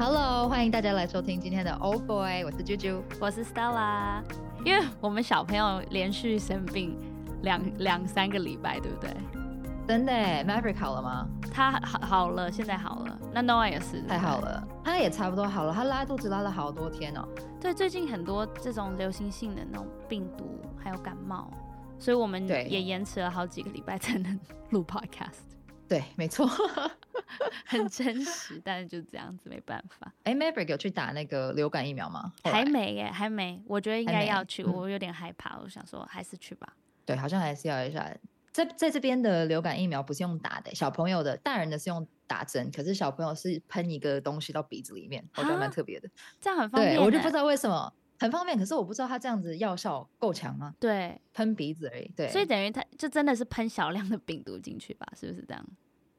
Hello，歡迎大家來收聽今天的 Old Boy。我是啾啾，我是 Stella。因為我們小朋友連續生病兩兩三個禮拜，對不對？真的，Maverick 好了嗎？他好，好了，現在好了。那 Noah 也是，太好了，對他也差不多好了。他拉肚子拉了好多天哦。對，最近很多這種流行性的那種病毒，還有感冒，所以我們也延遲了好幾個禮拜才能錄 podcast。對，沒錯， 很真實，但是就這樣子，沒辦法。哎，Maverick 有去打那個流感疫苗嗎？還沒耶，還沒。我覺得應該要去，嗯、我有點害怕。我想說，還是去吧。對，好像還是要一下。在在這邊的流感疫苗不是用打的，小朋友的、大人的，是用打針。可是小朋友是噴一個東西到鼻子裡面，蛤我覺得蠻特別的。這樣很方便。對，我就不知道為什麼很方便。可是我不知道他這樣子藥效夠強嗎、啊？對，噴鼻子而已。對，所以等於他就真的是噴少量的病毒進去吧？是不是這樣？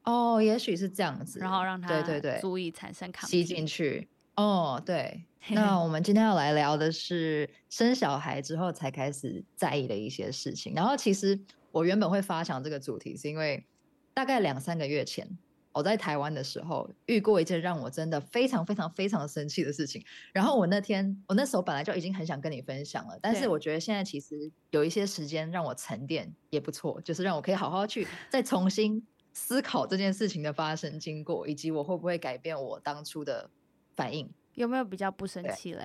哦，也許是這樣子，然後讓他，對對對，注意產生抗體，吸進去。哦，對。對那我們今天要來聊的是生小孩之後才開始在意的一些事情。然後其實我原本會發想這個主題，是因為大概兩三個月前我在台灣的時候遇過一件讓我真的非常非常非常生氣的事情。然後我那天我那時候本來就已經很想跟你分享了，對但是我覺得現在其實有一些時間讓我沉澱也不錯，就是讓我可以好好去再重新。思考這件事情的發生經過，以及我會不會改變我當初的反應，有沒有比較不生氣嘞？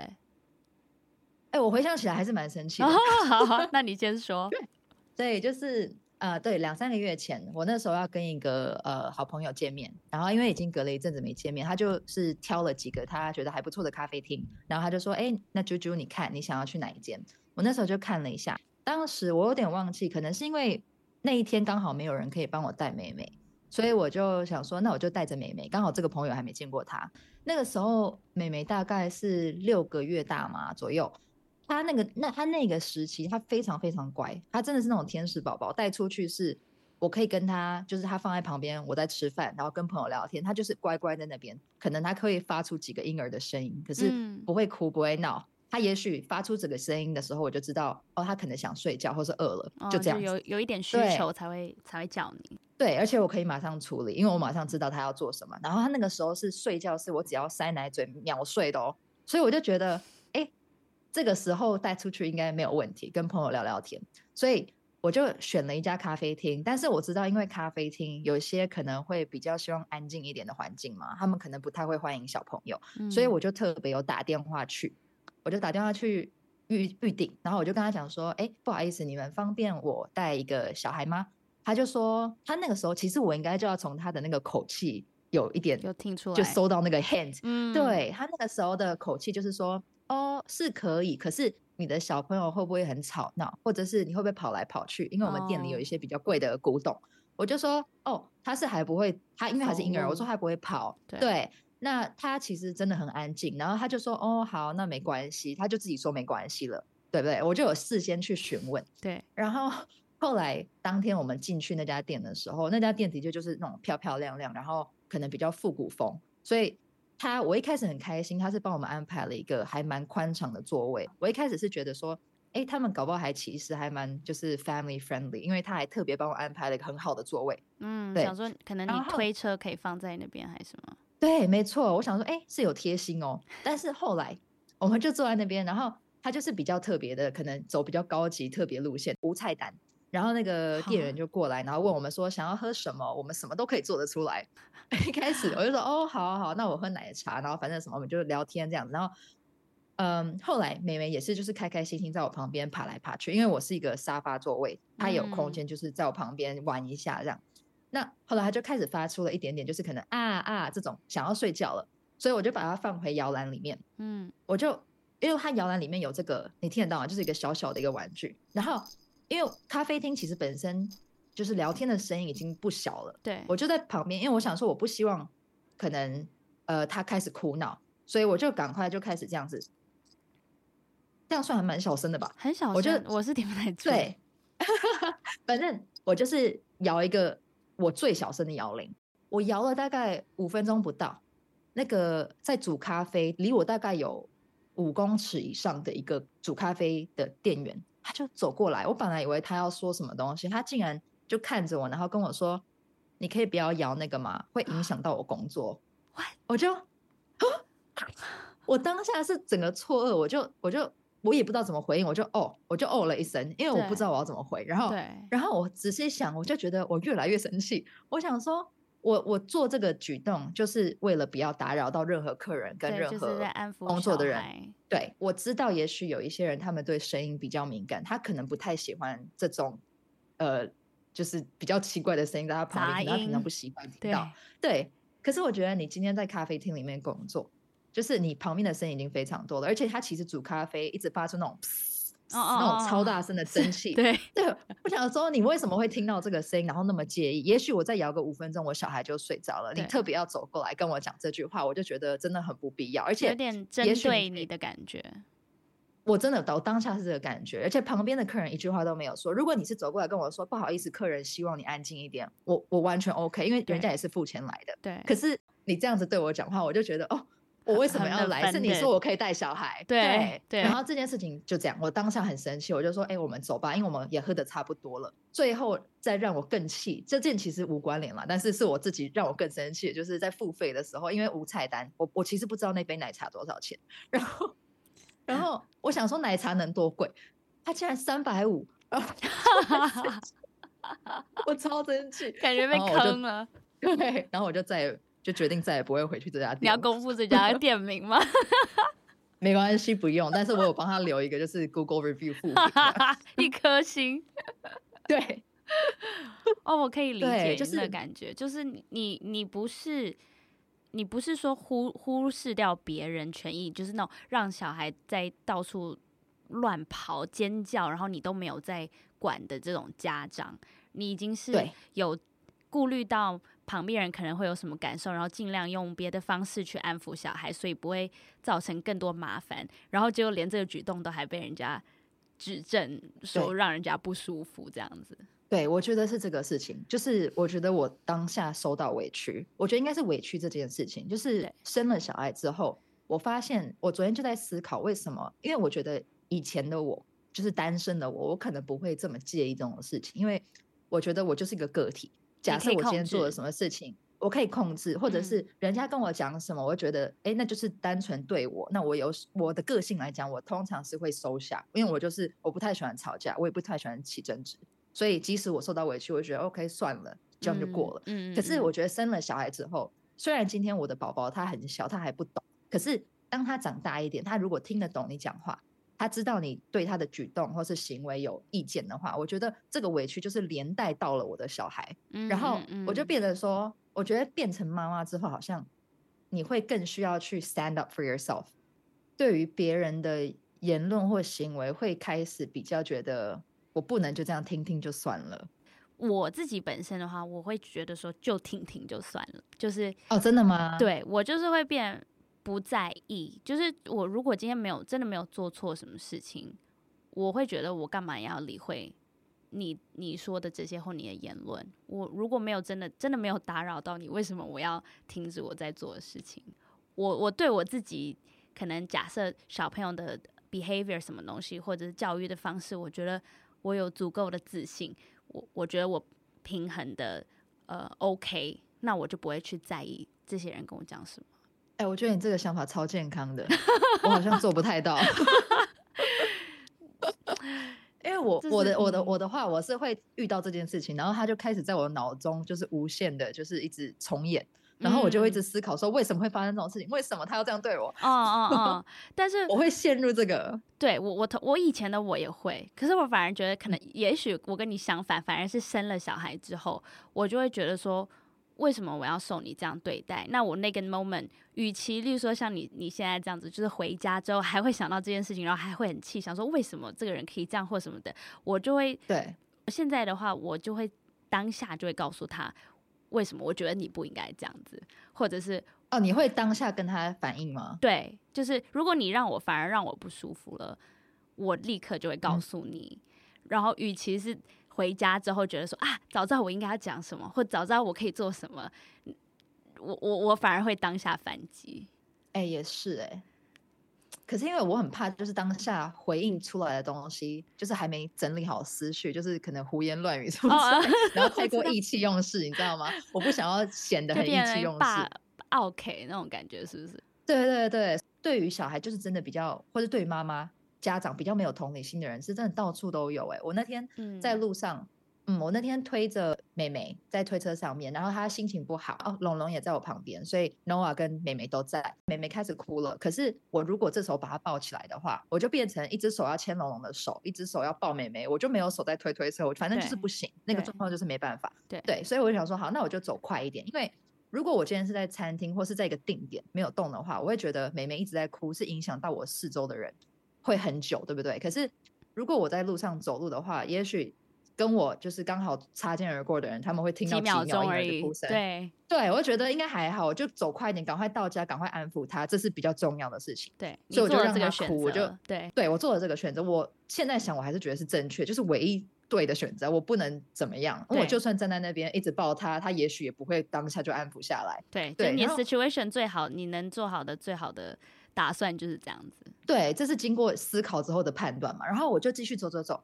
哎、欸，我回想起來還是蠻生氣。哦、好，好，那你先說。 對，就是呃，對，兩三個月前，我那時候要跟一個呃好朋友見面，然後因為已經隔了一陣子沒見面，他就是挑了幾個他覺得還不錯的咖啡廳，然後他就說：“哎、欸，那啾啾，你看你想要去哪一間？”我那時候就看了一下，當時我有點忘記，可能是因為那一天剛好沒有人可以幫我帶妹妹。所以我就想說，那我就帶着妹妹。剛好這個朋友還沒見過她。那個時候，妹妹大概是六個月大嘛左右。她那個那她那個時期，她非常非常乖，她真的是那種天使寶寶。帶出去是我可以跟她，就是她放在旁邊，我在吃飯，然後跟朋友聊聊天，她就是乖乖在那邊。可能她可以發出幾個嬰兒的聲音，可是不會哭不會鬧。她也許發出這個聲音的時候，我就知道哦，她可能想睡覺或是餓了，就這樣。哦，就有有一點需求才會對才會叫你。對，而且我可以馬上處理，因為我馬上知道他要做什麼。然後他那個時候是睡覺，是我只要塞奶嘴秒睡的哦，所以我就覺得，哎，這個時候帶出去應該沒有問題，跟朋友聊聊天。所以我就選了一家咖啡廳，但是我知道，因為咖啡廳有些可能會比較希望安靜一點的環境嘛，他們可能不太會歡迎小朋友，嗯、所以我就特別有打電話去，我就打電話去預預定，然後我就跟他講說，哎，不好意思，你們方便我帶一個小孩嗎？他就說，他那個時候其實我應該就要從他的那個口氣有一點有聽出來，就收到那個 hint。嗯，對，他那個時候的口氣就是說，哦，是可以，可是你的小朋友會不會很吵鬧，或者是你會不會跑來跑去？因為我們店裡有一些比較貴的古董，oh. 我就說，哦，他是還不會，他因為還是嬰兒，oh, oh. 我說他還不會跑。對，對，那他其實真的很安靜，然後他就說，哦，好，那沒關係，他就自己說沒關係了，對不對？我就有事先去詢問。對，然後。後來當天我們進去那家店的時候，那家店的確就是那種漂漂亮亮，然後可能比較復古風。所以他我一開始很開心，他是幫我們安排了一個還蠻寬敞的座位。我一開始是覺得說，哎，他們搞不好還其實還蠻就是 family friendly，因為他還特別幫我安排了一個很好的座位。嗯，對，想說可能你推車可以放在那邊還是什麼？對，沒錯，我想說，哎，是有貼心哦。但是後來我們就坐在那邊，然後他就是比較特別的，可能走比較高級特別路線，無菜單。然後那個店員就過來，oh. 然後問我們說想要喝什麼，我們什麼都可以做得出來。一開始我就說 哦，好，好，那我喝奶茶。然後反正什麼，我們就聊天這樣子。然後，嗯，後來妹妹也是就是開開心心在我旁邊爬來爬去，因為我是一個沙發座位，她有空間，就是在我旁邊玩一下這樣。Mm. 那後來她就開始發出了一點點，就是可能啊,啊啊這種想要睡覺了，所以我就把它放回搖籃裡面。嗯，mm. 我就因為它搖籃裡面有這個，你聽得到嗎？就是一個小小的一個玩具，然後。因為咖啡廳其實本身就是聊天的聲音已經不小了，對，我就在旁邊，因為我想說我不希望可能呃他開始哭鬧，所以我就趕快就開始這樣子，這樣算還蠻小聲的吧，很小聲，我覺就得我是頂不太對， 反正我就是搖一個我最小聲的搖鈴，我搖了大概五分鐘不到，那個在煮咖啡，離我大概有五公尺以上的一個煮咖啡的店員。他就走過來，我本來以為他要說什麼東西，他竟然就看着我，然後跟我說：“你可以不要搖那個嗎？會影響到我工作。” Huh? 我就啊，我當下是整個錯愕，我就我就我也不知道怎麼回應，我就哦、oh,，我就哦、oh、了一聲，因為我不知道我要怎麼回。對然後，對然後我仔細想，我就覺得我越來越生氣，我想說。我我做這個舉動就是為了不要打擾到任何客人跟任何工作的人。對,、就是在安撫小孩、對我知道，也許有一些人他們對聲音比較敏感，他可能不太喜歡這種，呃，就是比較奇怪的聲音在他旁邊，他可能不習慣聽到。對,對，可是我覺得你今天在咖啡廳裡面工作，就是你旁邊的聲音已經非常多了，而且他其實煮咖啡一直發出那種。哦哦，oh, oh, oh. 那種超大聲的蒸汽，對 對，我想說你為什麼會聽到這個聲音，然後那麼介意？ 也許我再搖個五分鐘，我小孩就睡着了，對你特別要走過來跟我講這句話，我就覺得真的很不必要，而且有點針對你的感覺。我真的到當下是這個感覺，而且旁邊的客人一句話都沒有說。如果你是走過來跟我說，不好意思，客人希望你安靜一點，我我完全 OK，因為人家也是付錢來的。對，可是你這樣子對我講話，我就覺得哦。我為什麼要來？是你說我可以帶小孩，對、啊、對。對然後這件事情就這樣，我當下很生氣，我就說：“哎、欸，我們走吧。”因為我們也喝得差不多了。最後再讓我更氣，這件其實無關聯嘛，但是是我自己讓我更生氣，就是在付費的時候，因為無菜單，我我其實不知道那杯奶茶多少錢。然後，嗯、然後我想說奶茶能多貴？它竟然三百五！我很生氣 我超生氣， 感覺被坑了。對，然後我就再。 就決定再也不會回去這家店。你要公布這家店名嗎？ 沒關係，不用。但是我有幫他留一個，就是 Google Review 一顆星。對。哦 ，oh, 我可以理解就是那個感覺，就是、就是你你不是你不是說忽忽視掉別人權益，就是那種讓小孩在到處亂跑、尖叫，然後你都沒有在管的這種家長，你已經是有顧慮到。旁邊人可能會有什麼感受，然後盡量用別的方式去安撫小孩，所以不會造成更多麻煩。然後就連這個舉動都還被人家指證，說讓人家不舒服這樣子。對。對，我覺得是這個事情。就是我覺得我當下受到委屈，我覺得應該是委屈這件事情。就是生了小孩之後，我發現我昨天就在思考為什麼？因為我覺得以前的我就是單身的我，我可能不會這麼介意這種事情，因為我覺得我就是一個個體。假設我今天做了什麼事情，可我可以控制，或者是人家跟我講什麼，嗯、我覺得哎、欸，那就是單純對我，那我有我的個性來講，我通常是會收下，因為我就是我不太喜歡吵架，我也不太喜歡起爭執，所以即使我受到委屈，我就覺得 OK，算了，這樣就過了。嗯嗯、可是我覺得生了小孩之後，雖然今天我的寶寶他很小，他還不懂，可是當他長大一點，他如果聽得懂你講話。他知道你對他的舉動或是行為有意見的話，我覺得這個委屈就是連帶到了我的小孩，嗯、然後我就變成說，嗯、我覺得變成媽媽之後，好像你會更需要去 stand up for yourself，對於別人的言論或行為，會開始比較覺得我不能就這樣聽聽就算了。我自己本身的話，我會覺得說就聽聽就算了，就是，哦，真的嗎？對，我就是會變。不在意，就是我如果今天沒有真的沒有做錯什麼事情，我會覺得我幹嘛要理會你你說的這些或你的言論？我如果沒有真的真的沒有打擾到你，為什麼我要停止我在做的事情？我我對我自己可能假設小朋友的 behavior 什麼東西，或者是教育的方式，我覺得我有足夠的自信，我我覺得我平衡的呃 OK，那我就不會去在意這些人跟我講什麼。哎、欸，我覺得你這個想法超健康的， 我好像做不太到， 因為我是我的我的我的話，我是會遇到這件事情，嗯、然後他就開始在我腦中就是無限的，就是一直重演，嗯嗯然後我就會一直思考說，為什麼會發生這種事情，為什麼他要這樣對我？哦哦哦， 但是我會陷入這個，對。我我我以前的我也會，可是我反而覺得可能也許我跟你相反，嗯、反而是生了小孩之後，我就會覺得說，為什麼我要受你這樣對待？那我那個 moment，與其，例如說像你你現在這樣子，就是回家之後還會想到這件事情，然後還會很氣，想說為什麼這個人可以這樣或什麼的，我就會對。現在的話，我就會當下就會告訴他為什麼，我覺得你不應該這樣子，或者是哦，你會當下跟他反應嗎？對，就是如果你讓我反而讓我不舒服了，我立刻就會告訴你。嗯。然後，與其是。回家之後覺得說啊，早知道我應該要講什麼，或早知道我可以做什麼，我我我反而會當下反擊。哎、欸，也是哎、欸。可是因為我很怕，就是當下回應出來的東西，嗯、就是還沒整理好思緒，就是可能胡言亂語什麼，哦啊、然後太過意氣用事， 知道你知道嗎？我不想要顯得很意氣用事。OK，那種感覺是不是？對，對對對，對於小孩就是真的比較，或是對於媽媽。家長比較沒有同理心的人是真的到處都有哎、欸，我那天在路上，嗯，嗯，我那天推着美眉在推車上面，然後她心情不好哦，龍龍也在我旁邊，所以 Noah 跟美眉都在，美眉開始哭了，可是我如果這時候把她抱起來的話，我就變成一隻手要牽龍龍的手，一隻手要抱美眉，我就沒有手在推推車，我反正就是不行，對那個狀況就是沒辦法，對對，所以我就想說好，那我就走快一點，因為如果我今天是在餐廳或是在一個定點沒有動的話，我會覺得美眉一直在哭是影響到我四周的人。會很久，對不對？可是如果我在路上走路的話，也許跟我就是剛好擦肩而過的人，他們會聽到幾秒鐘而已。對，對，對，我覺得應該還好，就走快一點，趕快到家，趕快安撫他，這是比較重要的事情。對，所以我就讓他哭，我就對，對，我做了這個選擇。我現在想，我還是覺得是正確，就是唯一對的選擇。我不能怎麼樣，對我就算站在那邊一直抱他，他也許也不會當下就安撫下來。對，對就你後 situation 最好，你能做好的最好的。打算就是這樣子，對，這是經過思考之後的判斷嘛。然後我就繼續走走走，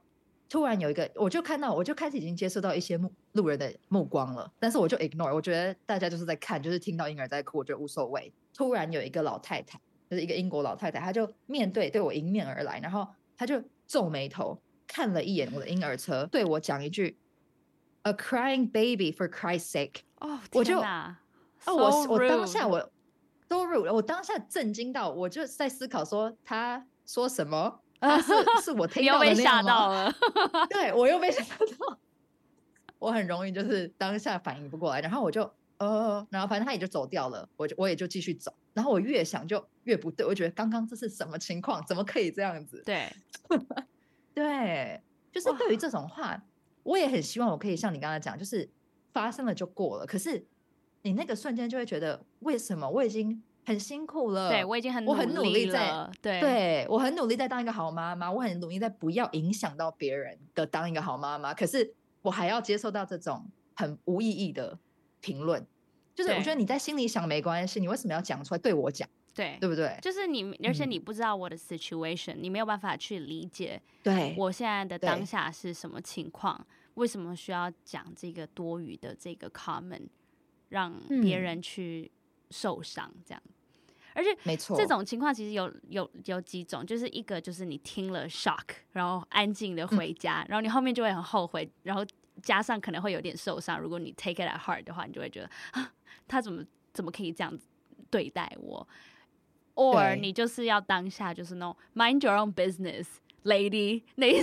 突然有一個，我就看到，我就開始已經接受到一些路人的目光了，但是我就 ignore，我覺得大家就是在看，就是聽到嬰兒在哭，我覺得無所謂。突然有一個老太太，就是一個英國老太太，她就面對對我迎面而來，然後她就皺眉頭看了一眼我的嬰兒車，對我講一句：“A crying baby for Christ's sake！” 哦，oh, 天哪，我就……哦，So rude. 我我，我當下我。都入了，我當下震驚到，我就在思考說他說什麼？他是是我聽到的那種嗎？ 又被嚇到了 對，對我又被嚇到， 我很容易就是當下反應不過來，然後我就呃，然後反正他也就走掉了，我就我也就繼續走，然後我越想就越不對，我覺得剛剛這是什麼情況？怎麼可以這樣子？對， 對，就是對於這種話，哇我也很希望我可以像你剛才講，就是發生了就過了，可是。你那個瞬間就會覺得，為什麼我已經很辛苦了？對我已經很，努力在，了對對我很努力在當一個好媽媽，我很努力在不要影響到別人的當一個好媽媽。可是我還要接受到這種很無意義的評論，就是我覺得你在心裡想沒關係，你為什麼要講出來對我講？對對不對？就是你，而且你不知道我的 situation，嗯，你沒有辦法去理解，對我現在的當下是什麼情況，為什麼需要講這個多餘的這個 comment。讓別人去受傷，這樣，嗯、而且，沒錯錯，這種情況其實有有有幾種，就是一個就是你聽了 shock，然後安靜的回家，嗯、然後你後面就會很後悔，然後加上可能會有點受傷。如果你 take it at heart 的話，你就會覺得啊，他怎麼怎麼可以這樣對待我？or 對你就是要當下就是那種 mind your own business。Lady，你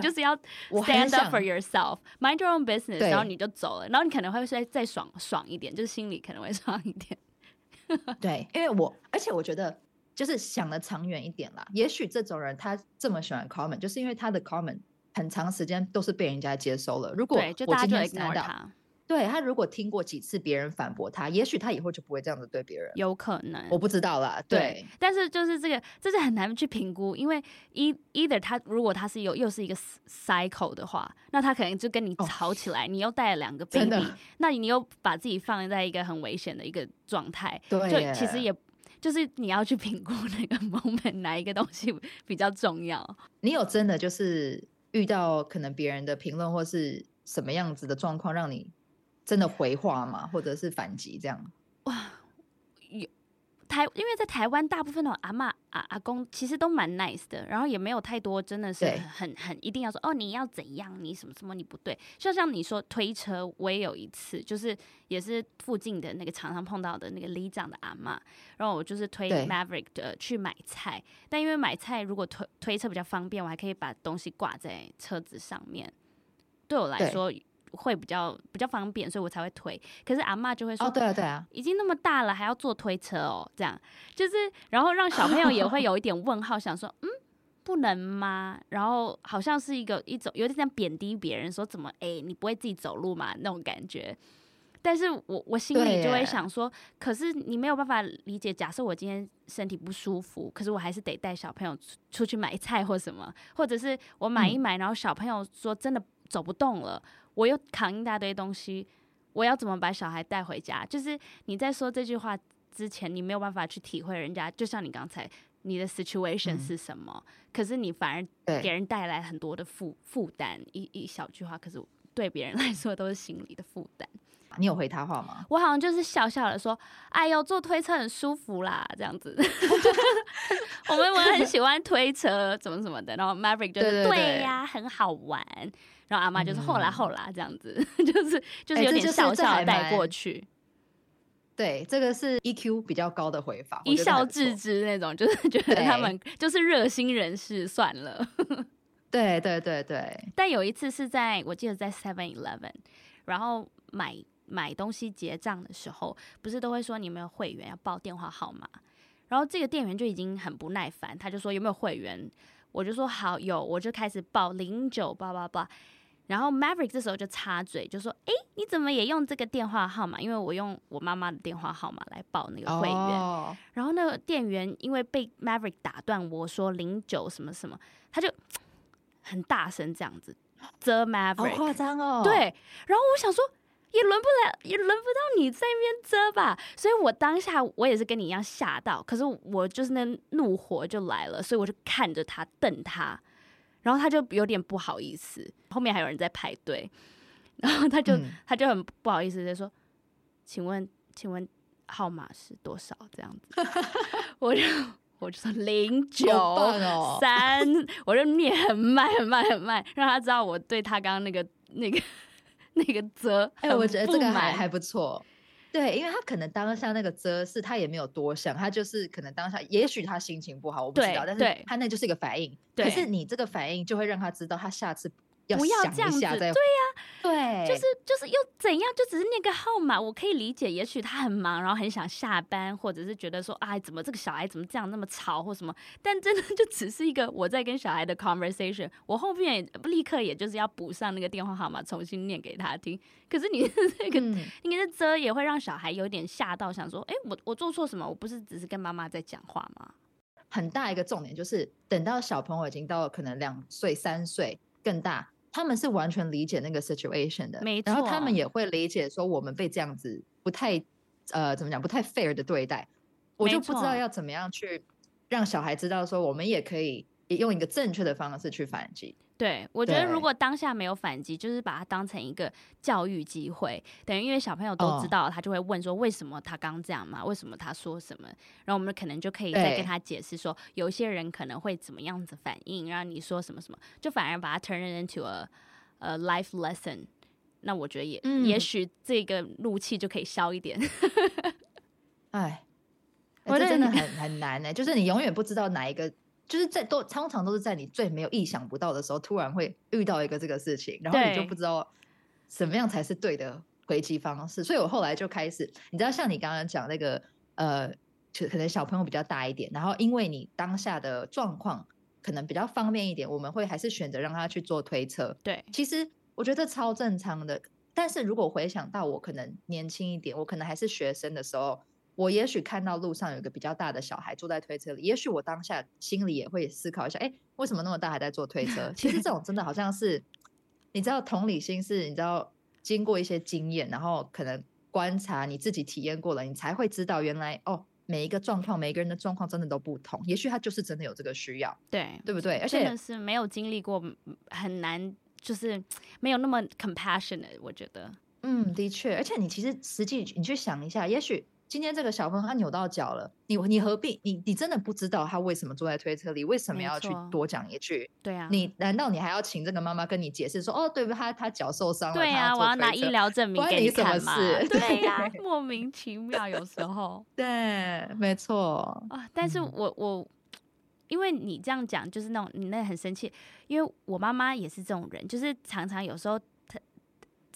就是要 stand up for yourself, mind your own business，對然後你就走了，然後你可能會再再爽爽一點，就是心裡可能會爽一點。 對，因為我而且我覺得就是想的長遠一點啦。也許這種人他這麼喜歡 comment，就是因為他的 comment 很長時間都是被人家接收了。如果對，就大家就來 support 他。對，他如果聽過幾次別人反駁他，也許他以後就不會這樣子對別人。有可能，我不知道啦。對，對，但是就是這個，這是很難去評估，因為一、e、，either 他如果他是有又是一個 cycle 的話，那他可能就跟你吵起來，oh, 你又帶了兩個 baby，的那你又把自己放在一個很危險的一個狀態，對啊、就其實也就是你要去評估那個 moment 哪一個東西比較重要。你有真的就是遇到可能別人的評論或是什麼樣子的狀況讓你。真的回話嗎？或者是反擊這樣？哇，有台因為在台灣大部分的阿嬤、阿、啊、阿公其實都蠻 nice 的，然後也沒有太多真的是很很一定要說對哦，你要怎樣？你什麼什麼你不對？就像你說推車，我也有一次，就是也是附近的那個常常碰到的那個里長的阿嬤，然後我就是推 Maverick 的去買菜，對但因為買菜如果推推車比較方便，我還可以把東西掛在車子上面，對我來說。會比較比較方便，所以我才會推。可是阿嬤就會說、哦：“對啊，對啊，已經那麼大了，還要坐推車哦。”這樣就是，然後讓小朋友也會有一點問號， 想說：“嗯，不能嗎？”然後好像是一個一種有點像貶低別人，說怎麼哎，你不會自己走路嘛那種感覺。但是我我心裡就會想說，啊、可是你沒有辦法理解。假設我今天身體不舒服，可是我還是得帶小朋友出出去買菜或什麼，或者是我買一買，嗯、然後小朋友說真的走不動了。我又扛一大堆東西，我要怎麼把小孩帶回家？就是你在說這句話之前，你沒有辦法去體會人家。就像你剛才，你的 situation 是什麼？嗯、可是你反而給人帶來很多的負對負擔。一一小句話，可是對別人來說都是心理的負擔。你有回他話嗎？我好像就是笑笑的說：“哎呦，坐推車很舒服啦，這樣子。 ” 我們我很喜歡推車，怎麼怎麼的。然後 Maverick 就是對呀、啊，很好玩。”然後阿媽就是後來後來這樣子，嗯、 就是就是有點笑笑帶過去，欸。對，這個是 EQ 比較高的回訪，一笑置之那種， 就是覺得他們就是熱心人士對算了。對對對對。對對對，但有一次是在我記得在 Seven Eleven，然後買買東西結賬的時候，不是都會說你們有，有會員，要報電話號碼？然後這個店員就已經很不耐煩，他就說有沒有會員？我就說好有，我就開始報零九八八八。然後 Maverick 這時候就插嘴，就說：“哎，你怎麼也用這個電話號碼？因為我用我媽媽的電話號碼來報那個會員。Oh. 然後那個店員因為被 Maverick 打斷，我說零九什麼什麼，他就很大聲這樣子，遮 Maverick，好誇張哦。對，然後我想說，也輪不來，也輪不到你在那邊遮吧。所以，我當下我也是跟你一樣嚇到，可是我就是那怒火就來了，所以我就看着他瞪他。”然後他就有點不好意思，後面還有人在排隊，然後他就、嗯、他就很不好意思在說，請問請問號碼是多少？這樣子， 我就我就說零九三， 我就念很慢很慢很慢，讓他知道我對他剛剛那個那個那個嘖，哎，我覺得這個買還，還不錯。對，因為他可能當下那個遮是，他也沒有多想，他就是可能當下，也許他心情不好，我不知道，對但是他那就是一個反應。對可是你這個反應就會讓他知道，他下次。要不要這樣子，對呀、啊，對，就是就是又怎樣？就只是念個號碼，我可以理解。也許他很忙，然後很想下班，或者是覺得說，哎、啊，怎麼這個小孩怎麼這樣那麼吵或什麼？但真的就只是一個我在跟小孩的 conversation，我後面不立刻也就是要補上那個電話號碼，重新念給他聽。可是你那、這個，應該是遮也會讓小孩有點嚇到，想說，哎、欸，我我做錯什麼？我不是只是跟媽媽在講話嗎？很大一個重點就是，等到小朋友已經到了可能兩歲、三歲更大，他們是完全理解那個 situation 的，沒錯。然後他們也會理解說我們被這樣子不太，呃，怎麼講不太 fair 的對待，我就不知道要怎麼樣去讓小孩知道說我們也可以也用一個正確的方式去反擊。對，我覺得如果當下沒有反擊，對就是把它當成一個教育機會，等於因為小朋友都知道，oh. 他就會問說為什麼他剛這樣嘛，為什麼他說什麼，然後我們可能就可以再跟他解釋說，欸、有一些人可能會怎麼樣子反應，然後你說什麼什麼，就反而把它 turn into a, a life lesson，那我覺得也、嗯、也許這個怒氣就可以消一點。哎， 我覺得、欸、真的很很難呢、欸，就是你永遠不知道哪一個。就是在都常常都是在你最沒有意想不到的時候，突然會遇到一個這個事情，然後你就不知道什麼樣才是對的回擊方式。對 所以我後來就開始，你知道，像你剛剛講那個，呃，可能小朋友比較大一點，然後因為你當下的狀況可能比較方便一點，我們會還是選擇讓他去做推車。對，其實我覺得超正常的。但是如果回想到我可能年輕一點，我可能還是學生的時候。我也許看到路上有一個比較大的小孩坐在推車裡，也許我當下心裡也會思考一下：哎、欸，為什麼那麼大還在坐推車？ 其實這種真的好像是，你知道同理心是你知道經過一些經驗，然後可能觀察你自己體驗過了，你才會知道原來，哦，每一個狀況，每一個人的狀況真的都不同。也許他就是真的有這個需要，對對不對？而且真的是沒有經歷過，很難就是沒有那麼 compassionate。我覺得，嗯，的確，而且你其實實際你，你去想一下，也許。今天這個小朋友他扭到腳了，你你何必？你你真的不知道他為什麼坐在推車裡？為什麼要去多講一句？對啊錯，你難道你還要請這個媽媽跟你解釋說對、啊、哦，對不？他他腳受傷了。對啊，要我要拿醫療證明給你看嘛。你麼對呀、啊，對，莫名其妙有時候。 對，沒錯啊。但是我我，嗯、因為你這樣講就是那種你那很生氣，因為我媽媽也是這種人，就是常常有時候。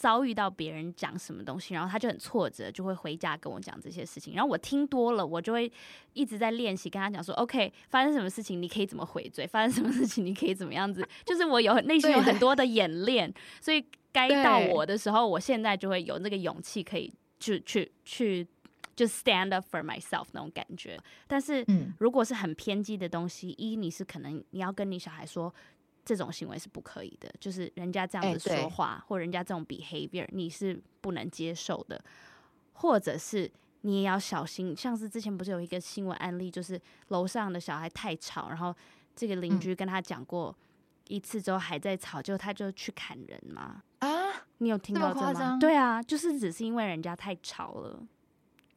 遭遇到別人講什麼東西，然後他就很挫折，就會回家跟我講這些事情。然後我聽多了，我就會一直在練習跟他講說：“OK，發生什麼事情你可以怎麼回嘴？發生什麼事情你可以怎麼樣子？” 就是我有內心有很多的演練，對對，所以該到我的時候，我現在就會有那個勇氣，可以就去對去就 stand up for myself 那種感覺。但是，嗯、如果是很偏激的東西，一你是可能你要跟你小孩說。這種行為是不可以的，就是人家這樣子說話，欸、對或人家這種 behavior，你是不能接受的，或者是你也要小心。像是之前不是有一個新聞案例，就是樓上的小孩太吵，然後這個鄰居跟他講過一次之後還在吵，就、嗯、他就去砍人嗎？啊？你有聽到這嗎？這對啊，就是只是因為人家太吵了，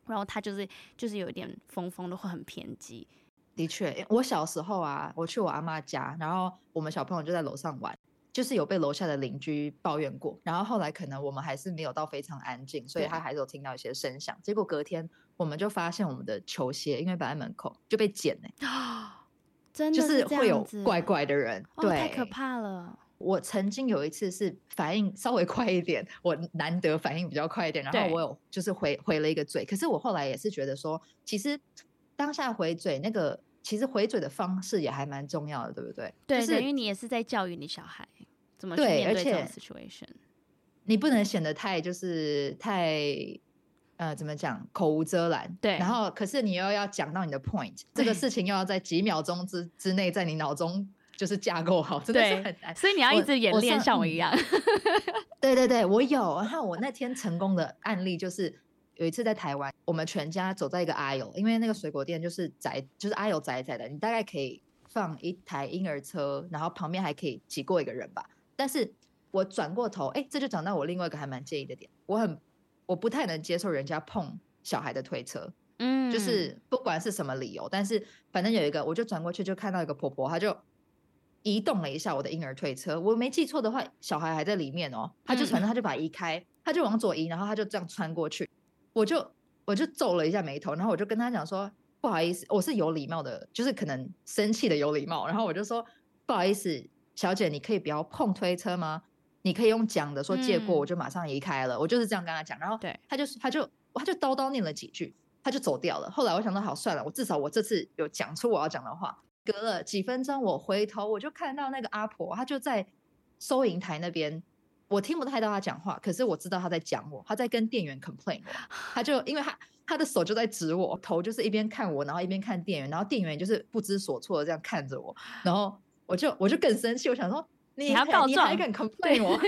然後他就是就是有點瘋瘋的，會很偏激。的確，我小時候啊，我去我阿媽家，然後我們小朋友就在樓上玩，就是有被樓下的鄰居抱怨過。然後後來可能我們還是沒有到非常安靜，所以他還是有聽到一些聲響。對對對，結果隔天我們就發現我們的球鞋，因為擺在門口就被剪了、欸。真的是就是會有怪怪的人，哦、對，太可怕了。我曾經有一次是反應稍微快一點，我難得反應比較快一點，然後我有就是回對回了一個嘴。可是我後來也是覺得說，其實。當下回嘴那個，其實回嘴的方式也還蠻重要的，對不對？對，就是、因為你也是在教育你小孩怎麼去面對這個 situation，你不能顯得太就是太，呃，怎麼講，口無遮攔。對，然後可是你又要講到你的 point，對這個事情又要在幾秒鐘之之內在你腦中就是架構好，真的是很難。所以你要一直演練，我我像我一樣。 對，對對對，我有。然後我那天成功的案例就是。有一次在台灣，我們全家走在一個 aisle，因為那個水果店就是窄，就是 aisle 窄窄的，你大概可以放一台嬰兒車，然後旁邊還可以擠過一個人吧。但是我轉過頭，哎、欸，這就講到我另外一個還蠻介意的點，我很我不太能接受人家碰小孩的推車，嗯，就是不管是什麼理由，但是反正有一個，我就轉過去就看到一個婆婆，她就移動了一下我的嬰兒推車，我沒記錯的話，小孩還在裡面哦，她就反正她就把移開，她就往左移，然後她就這樣穿過去。我就我就皺了一下眉頭，然後我就跟他講說，不好意思，我是有禮貌的，就是可能生氣的有禮貌。然後我就說，不好意思，小姐，你可以不要碰推車嗎？你可以用講的說借過，我就馬上離開了。嗯、我就是這樣跟他講，然後對，他就是他就他就叨叨念了幾句，他就走掉了。後來我想到，好算了，我至少我這次有講出我要講的話。隔了幾分鐘，我回頭我就看到那個阿婆，她就在收銀台那邊。我聽不太到他講話，可是我知道他在講我，他在跟店員 complain，他就因為他他的手就在指我，頭就是一邊看我，然後一邊看店員，然後店員就是不知所措的這樣看着我，然後我就我就更生氣，我想說你，你還，告狀，還你還敢 complain 我？這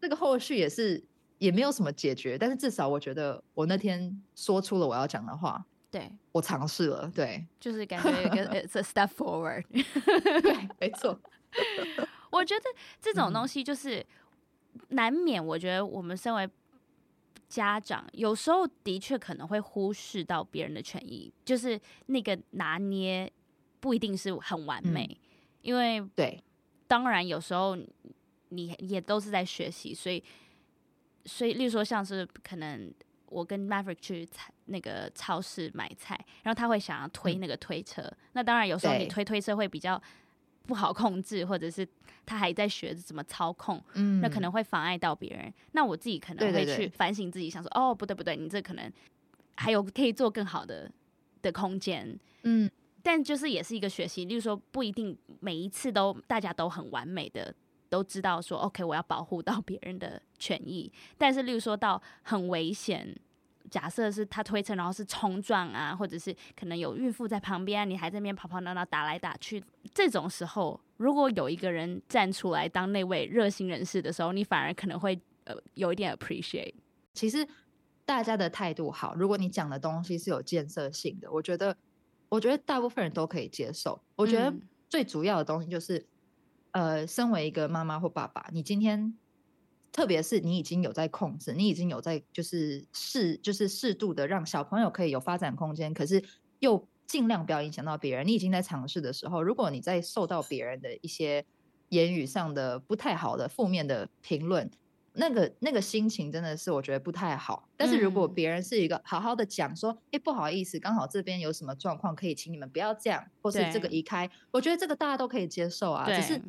對 個後續也是也沒有什麼解決，但是至少我覺得我那天說出了我要講的話，對，我嘗試了，對，就是感覺一個 it's a step forward， 對，沒錯。 我覺得這種東西就是難免。我覺得我們身為家長，有時候的確可能會忽視到別人的權益，就是那個拿捏不一定是很完美。嗯、因為對，當然有時候你也都是在學習，所以所以，例如說像是可能我跟 Maverick 去那個超市買菜，然後他會想要推那個推車，嗯、那當然有時候你推推車會比較。不好控制，或者是他還在學着怎麼操控，嗯，那可能會妨礙到別人。那我自己可能會去反省自己，對對對，想說哦，不對不對，你這可能還有可以做更好的的空間，嗯。但就是也是一個學習，例如說不一定每一次都大家都很完美的都知道說 OK，我要保護到別人的權益。但是例如說到很危險。假設是他推車，然後是衝撞啊，或者是可能有孕婦在旁邊、啊，你還在那邊跑跑鬧鬧打來打去。這種時候，如果有一個人站出來當那位熱心人士的時候，你反而可能會呃有一點 appreciate。其實大家的態度好，如果你講的東西是有建設性的，我覺得，我覺得大部分人都可以接受。我覺得最主要的東西就是，嗯、呃，身為一個媽媽或爸爸，你今天。特別是你已經有在控制，你已經有在就是適就是適度的讓小朋友可以有發展空間，可是又盡量不要影響到別人。你已經在嘗試的時候，如果你在受到別人的一些言語上的不太好的負面的評論，那個那個心情真的是我覺得不太好。但是如果別人是一個好好的講說，哎、嗯欸，不好意思，剛好這邊有什麼狀況，可以請你們不要這樣，對或是這個移開，我覺得這個大家都可以接受啊。對只是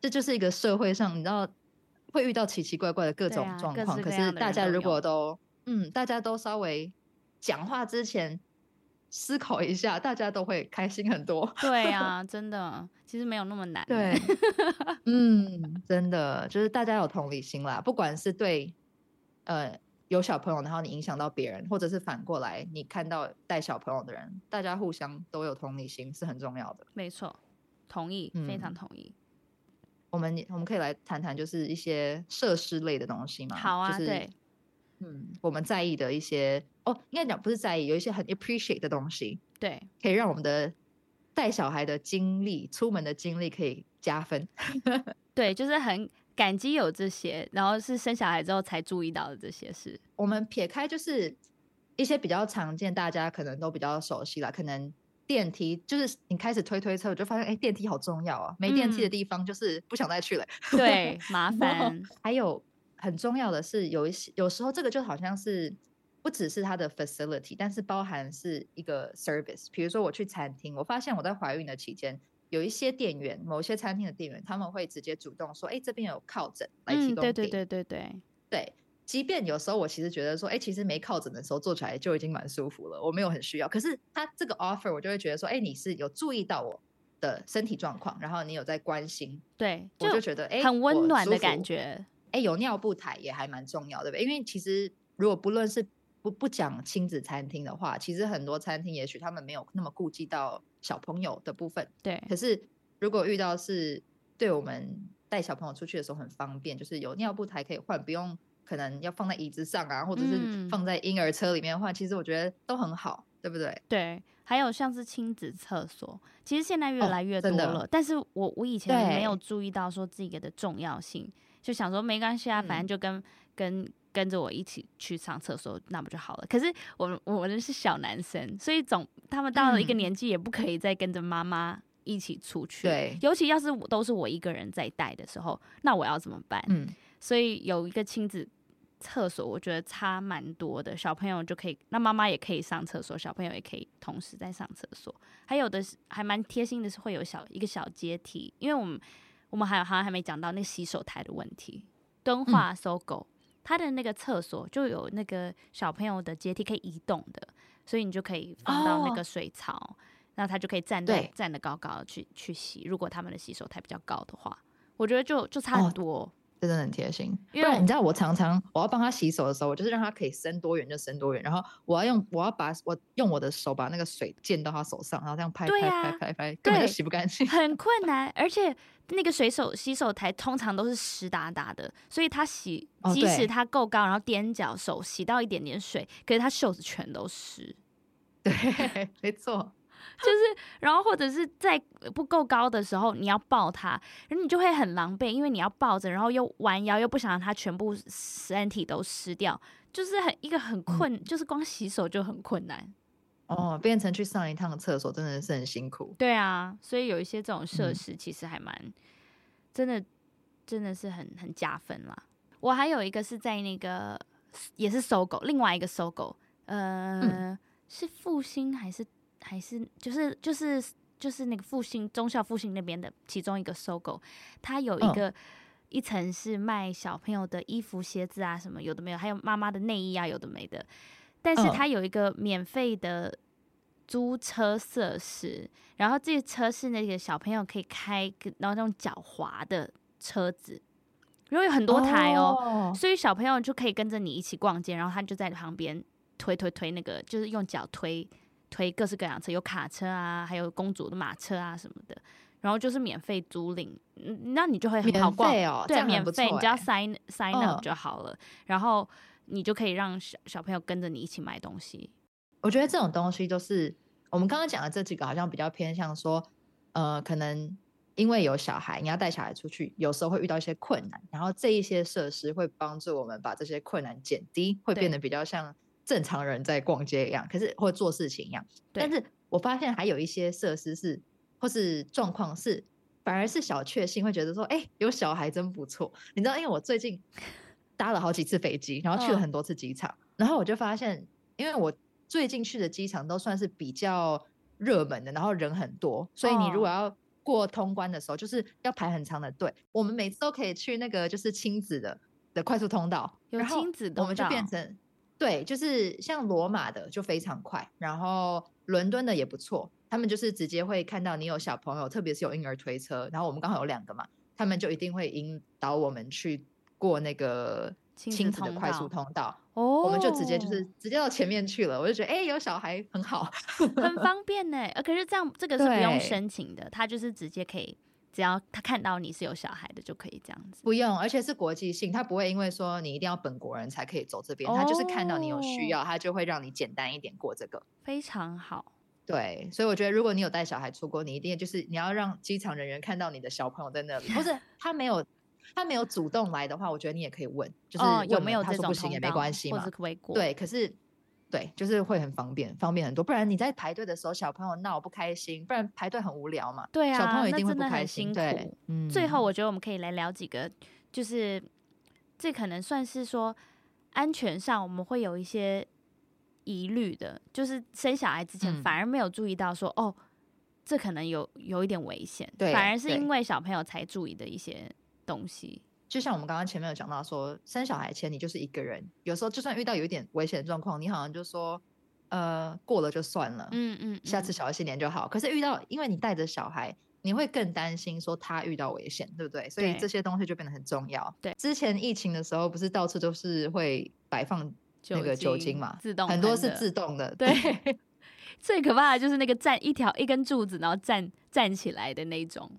這就是一個社會上，你知道。會遇到奇奇怪怪的各種狀況，啊、各各可是大家如果都，嗯，大家都稍微講話之前思考一下，大家都會開心很多。 對啊，真的，其實沒有那麼難。對， 嗯，真的就是大家有同理心啦，不管是對呃有小朋友，然後你影響到別人，或者是反過來你看到帶小朋友的人，大家互相都有同理心是很重要的。沒錯，同意，嗯、非常同意。我們我們可以來談談，就是一些設施類的東西嘛。好啊，就是，嗯，我們在意的一些、嗯、哦，應該講不是在意，有一些很 appreciate 的東西，對，可以讓我們的帶小孩的經歷、出門的經歷可以加分。 對，就是很感激有這些，然後是生小孩之後才注意到的這些事。我們撇開就是一些比較常見，大家可能都比較熟悉啦，可能。電梯就是你開始推推車，我就發現哎，電梯好重要啊！沒電梯的地方就是不想再去了。嗯、對，麻煩。 還有很重要的是，有一些，有時候這個就好像是不只是它的 facility，但是包含是一個 service。比如說我去餐廳，我發現我在懷孕的期間，有一些店員，某些餐廳的店員他們會直接主動說：“哎，這邊有靠枕來提供。”嗯，對對對對對對。即便有時候我其實覺得說，哎、欸，其實沒靠枕的時候做起來就已經蠻舒服了，我沒有很需要。可是他這個 offer 我就會覺得說，哎、欸，你是有注意到我的身體狀況，然後你有在關心，對，就我就覺得哎、欸、很溫暖的感覺。哎、欸，有尿布台也還蠻重要的，因為其實如果不論是不不講親子餐廳的話，其實很多餐廳也許他們沒有那麼顧及到小朋友的部分。對，可是如果遇到是對我們帶小朋友出去的時候很方便，就是有尿布台可以換，不用。可能要放在椅子上啊，或者是放在嬰兒車裡面的話，嗯、其實我覺得都很好，對不對？對，還有像是親子廁所，其實現在越來越多了。哦、但是我，我我以前沒有注意到說這個的重要性，對就想說沒關係啊，反正就跟、嗯、跟跟着我一起去上廁所，那不就好了？可是我，我我們是小男生，所以總他們到了一個年紀，也不可以再跟着媽媽一起出去。嗯、對，尤其要是我都是我一個人在帶的時候，那我要怎麼辦？嗯。所以有一個親子廁所，我覺得差蠻多的。小朋友就可以，那媽媽也可以上廁所，小朋友也可以同時在上廁所。還有的是還蠻貼心的是會有小一個小階梯，因為我們我們還有好像還沒講到那個洗手台的問題。敦化 SOGO、嗯、他的那個廁所就有那個小朋友的階梯可以移動的，所以你就可以放到那個水槽，然後、哦、他就可以站在對站得高高的去去洗。如果他們的洗手台比較高的話，我覺得就就差很多。哦這真的很貼心，因為，不然你知道我常常我要幫他洗手的時候，我就是讓他可以伸多遠就伸多遠，然後我要用我要把我用我的手把那個水濺到他手上，然後這樣拍拍拍拍拍，啊、根本就洗不乾淨，很困難。而且那個水手洗手台通常都是濕噠噠的，所以他洗即使他夠高，然後踮腳手洗到一點點水，可是他袖子全都濕。對，沒錯。 就是，然後或者是在不夠高的時候，你要抱他，然後你就會很狼狽，因為你要抱着，然後又彎腰，又不想讓他全部身體都濕掉，就是很一個很困，嗯、就是光洗手就很困難。哦，變成去上一趟廁所真的是很辛苦。對啊，所以有一些這種設施其實還蠻、嗯、真的，真的是很很加分啦。我還有一個是在那個也是 SOGO，另外一個 SOGO，呃，嗯、是復興還是？還是就是就是就是那個復興忠孝復興那邊的其中一個 SOGO，它有一個、uh. 一層是賣小朋友的衣服、鞋子啊什麼有的沒有，還有媽媽的內衣啊有的沒的。但是它有一個免費的租車設施，uh. 然後這車是那個小朋友可以開，然後那種腳滑的車子，因為有很多台哦，oh. 所以小朋友就可以跟着你一起逛街，然後他就在旁邊推推推那個，就是用腳推。推各式各樣的車，有卡車啊，還有公主的馬車啊什麼的，然後就是免費租賃，那你就會很好逛哦，對，免費你只要 sign，嗯，sign up 就好了，然後你就可以讓小小朋友跟着你一起買東西。我覺得這種東西都、就是我們剛剛講的這幾個，好像比較偏向說，呃，可能因為有小孩，你要帶小孩出去，有時候會遇到一些困難，然後這一些設施會幫助我們把這些困難減低，會變得比較像。正常人在逛街一樣，可是或做事情一樣。對但是我發現還有一些設施是，或是狀況是，反而是小確幸會覺得說，哎，有小孩真不錯。你知道，因為我最近搭了好幾次飛機，然後去了很多次機場，哦、然後我就發現，因為我最近去的機場都算是比較熱門的，然後人很多，所以你如果要過通關的時候，哦、就是要排很長的隊。我們每次都可以去那個就是親子的的快速通道，有親子通道，然後我們就變成，對，就是像羅馬的就非常快，然後倫敦的也不錯。他們就是直接會看到你有小朋友，特別是有嬰兒推車，然後我們剛好有兩個嘛，他們就一定會引導我們去過那個親子的快速通道。哦，我們就直接就是直接到前面去了。哦、我就覺得哎、欸，有小孩很好，很方便呢。可是這樣，這個是不用申請的，他對就是直接可以。只要他看到你是有小孩的，就可以這樣子。不用，而且是國際性，他不會因為說你一定要本國人才可以走這邊，哦、他就是看到你有需要，他就會讓你簡單一點過這個。非常好。對，所以我覺得如果你有帶小孩出國，你一定就是你要讓機場人員看到你的小朋友在那裡。 不是，他沒有，他沒有主動來的話，我覺得你也可以問，就是沒有、哦、有沒有這種通道，不行也沒關係嘛，或者可不可以過？對，可是。對，就是會很方便，方便很多。不然你在排隊的時候，小朋友鬧不開心，不然排隊很無聊嘛。對啊，小朋友一定會不開心。那真的很辛苦。對，嗯。最後，我覺得我們可以來聊幾個，就是這可能算是說安全上我們會有一些疑慮的，就是生小孩之前反而沒有注意到說，嗯、哦，這可能有有一點危險。對，反而是因為小朋友才注意的一些東西。就像我們剛剛前面有講到說，說生小孩前你就是一個人，有時候就算遇到有一點危險的狀況，你好像就說，呃，過了就算了，嗯、嗯嗯，下次小心點就好。可是遇到，因為你帶着小孩，你會更擔心說他遇到危險，對不對？所以這些東西就變得很重要。對，之前疫情的時候，不是到處都是會擺放那個酒精嘛，精很多是自動的。對，對 最可怕的就是那個站一條一根柱子，然後站站起來的那種。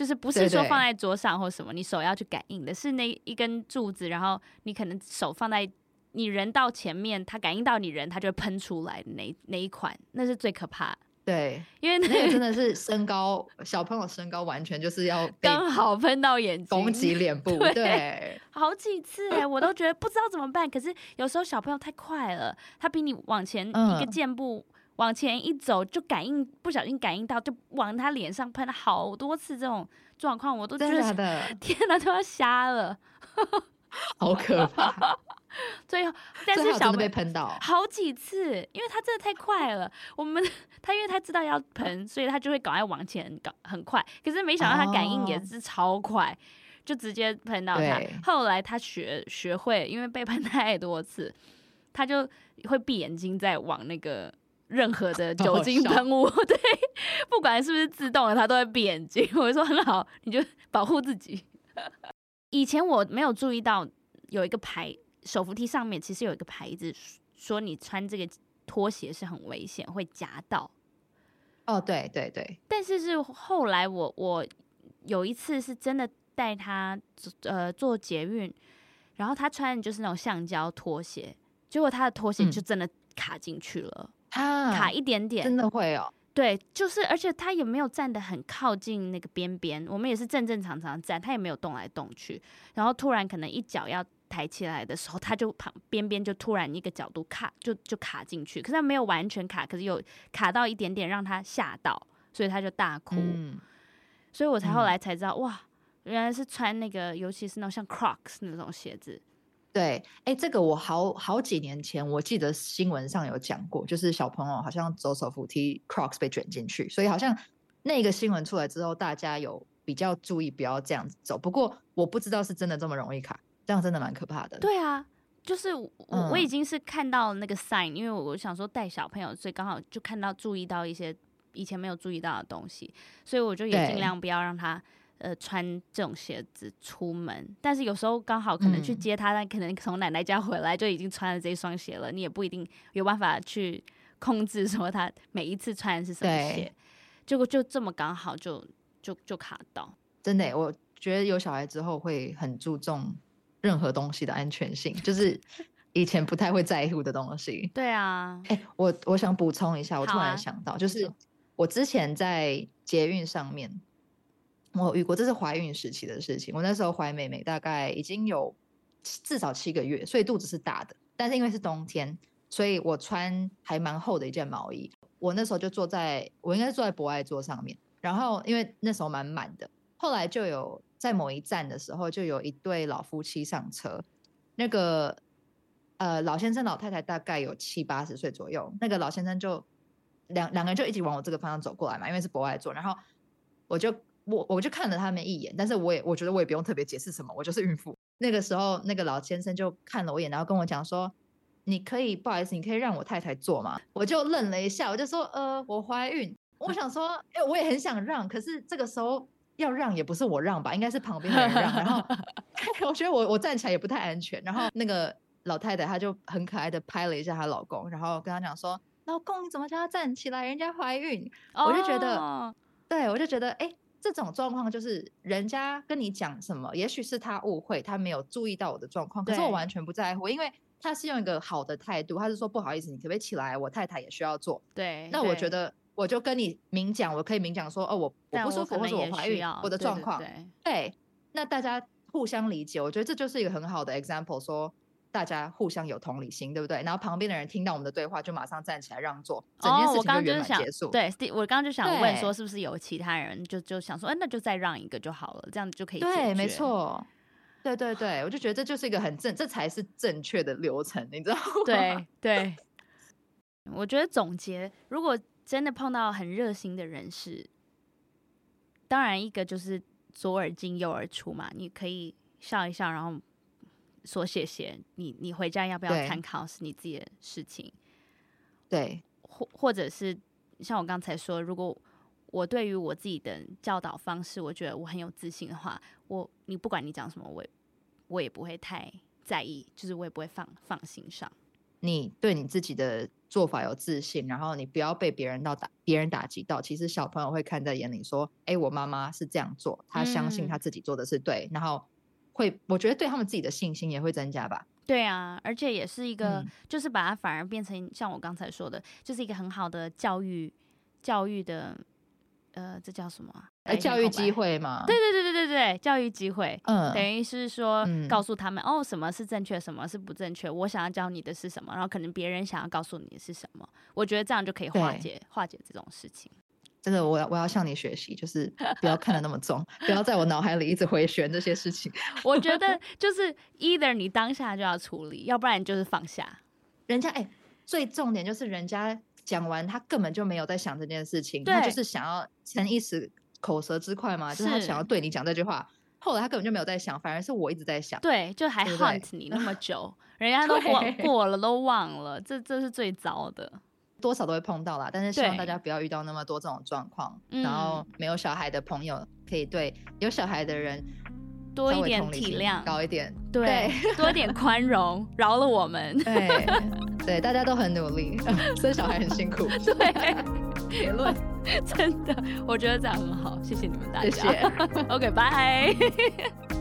就是不是說放在桌上或什麼，對對對，你手要去感應的，是那一根柱子，然後你可能手放在你人到前面，它感應到你人，它就會噴出來那那一款，那是最可怕。對，因為那個,那個真的是身高 小朋友身高完全就是要剛好噴到眼睛、攻擊臉部，對,對，好幾次哎、欸，我都覺得不知道怎麼辦。 可是有時候小朋友太快了，他比你往前一個箭步。嗯往前一走，就感應，不小心感應到，就往他臉上噴了好多次這種狀況，我都覺得真的假的？天哪，都要瞎了， 好可怕。 最後，但是小美被噴到好幾次，因為他真的太快了。我們他因為他知道要噴，所以他就會趕快往前搞很，很快，可是沒想到他感應也是超快，哦、就直接噴到他。對後來他學學會，因為被噴太多次，他就會閉眼睛再往那個。任何的酒精噴霧，對，不管是不是自動的，它都會閉眼睛。我就說那好，你就保護自己。 以前我沒有注意到有一個牌，手扶梯上面其實有一個牌子說你穿這個拖鞋是很危險，會夾到。哦，對對對。但是是後來我我有一次是真的帶他呃坐捷運，然後他穿的就是那種橡膠拖鞋，結果他的拖鞋就真的卡進去了。嗯卡卡一點點，真的會哦。對，就是，而且他也沒有站得很靠近那個邊邊，我們也是正正常常站，他也沒有動來動去。然後突然可能一腳要抬起來的時候，他就旁邊邊就突然一個角度卡，就就卡進去。可是他沒有完全卡，可是有卡到一點點，讓他嚇到，所以他就大哭。所以我才後來才知道，哇，原來是穿那個，尤其是那種像 Crocs 那種鞋子。對，哎，這個我好好幾年前，我記得新聞上有講過，就是小朋友好像走手扶梯，Crocs 被捲進去，所以好像那個新聞出來之後，大家有比較注意不要這樣子走。不過我不知道是真的這麼容易卡，這樣真的蠻可怕的。對啊，就是我、嗯、我已經是看到那個 sign，因為我我想說帶小朋友，所以剛好就看到注意到一些以前沒有注意到的東西，所以我就也盡量不要讓他。呃，穿這種鞋子出門，但是有時候剛好可能去接他，嗯、但可能從奶奶家回來就已經穿了這一雙鞋了。你也不一定有辦法去控制說他每一次穿的是什麼鞋，結果對就，就這麼剛好就就就卡到。真的，我覺得有小孩之後會很注重任何東西的安全性，就是以前不太會在乎的東西。 對啊，欸、我我想補充一下，我突然想到，啊、就是我之前在捷運上面。我遇過，這是懷孕時期的事情。我那時候懷妹妹，大概已經有至少七個月，所以肚子是大的。但是因為是冬天，所以我穿還蠻厚的一件毛衣。我那時候就坐在，我應該是坐在博愛座上面。然後因為那時候蠻滿的，後來就有在某一站的時候，就有一對老夫妻上車。那個呃，老先生、老太太大概有七八十歲左右。那個老先生就兩兩個人就一直往我這個方向走過來嘛，因為是博愛座。然後我就。我我就看了他們一眼，但是我也我覺得我也不用特別解釋什麼，我就是孕婦。那個時候，那個老先生就看了我一眼，然後跟我講說：“你可以不好意思，你可以讓我太太坐嗎。”我就愣了一下，我就說：“呃，我懷孕， 我想說，誒、欸，我也很想讓，可是這個時候要讓也不是我讓吧，應該是旁邊的人讓。然後 我覺得我我站起來也不太安全。然後那個老太太她就很可愛的拍了一下她老公，然後跟他講說：“老公，你怎麼叫他站起來？人家懷孕。Oh. 我”我就覺得，對我就覺得，哎。這種狀況就是人家跟你講什麼，也許是他誤會，他沒有注意到我的狀況，對可是我完全不在乎，因為他是用一個好的態度，他是說，不好意思，你可不可以起來？我太太也需要坐。對，那我覺得我就跟你明講，對我可以明講說哦，我我不舒服，或者我懷孕，我的狀況。對，對，對，對，那大家互相理解，我覺得這就是一個很好的 example 說。大家互相有同理心，對不對？然後旁邊的人聽到我們的對話，就馬上站起來讓座，整件事情就圓滿結束。哦、我剛剛就想，對，對我剛剛就想問說，是不是有其他人就對就想說，哎，那就再讓一個就好了，這樣就可以。對，沒錯，對對對，我就覺得這就是一個很正，這才是正確的流程，你知道嗎？對對，對 我覺得總結，如果真的碰到很熱心的人士，當然一個就是左耳進右耳出嘛，你可以笑一笑，然後。說謝謝你，你回家要不要參考是你自己的事情，對，或或者是像我剛才說，如果我對於我自己的教導方式，我覺得我很有自信的話，我你不管你講什麼，我我也不會太在意，就是我也不會放放心上。你對你自己的做法有自信，然後你不要被別人到打別人打擊到，其實小朋友會看在眼裡說，說、欸、哎，我媽媽是這樣做，她相信她自己做的是對，嗯、然後。會，我覺得對他們自己的信心也會增加吧。對啊，而且也是一個，嗯、就是把它反而變成像我剛才說的，就是一個很好的教育教育的，呃，這叫什麼？哎、欸，教育機會嘛。對對對對對對，教育機會。嗯，等於是說，告訴他們、嗯、哦，什麼是正確，什麼是不正確。我想要教你的是什麼，然後可能別人想要告訴你的是什麼。我覺得這樣就可以化解對化解這種事情。真的，我我要向你學習，就是不要看得那麼重， 不要在我腦海裡一直迴旋這些事情。 我覺得就是，either 你當下就要處理，要不然你就是放下。人家哎、欸，最重點就是，人家講完他根本就沒有在想這件事情，對他就是想要逞一時口舌之快嘛，就是他想要對你講這句話。是後來他根本就沒有在想，反而是我一直在想。對，就還 haunt 你那麼久， 人家都過過了，都忘了， 這這是最糟的。多少都會碰到啦，但是希望大家不要遇到那麼多這種狀況。然後沒有小孩的朋友可以對有小孩的人多一點體諒，高一點，對，多一點寬容，饒了我們。對，對，大家都很努力，生小孩很辛苦。對，結論真的，我覺得這樣很好，謝謝你們大家。謝謝。OK，拜。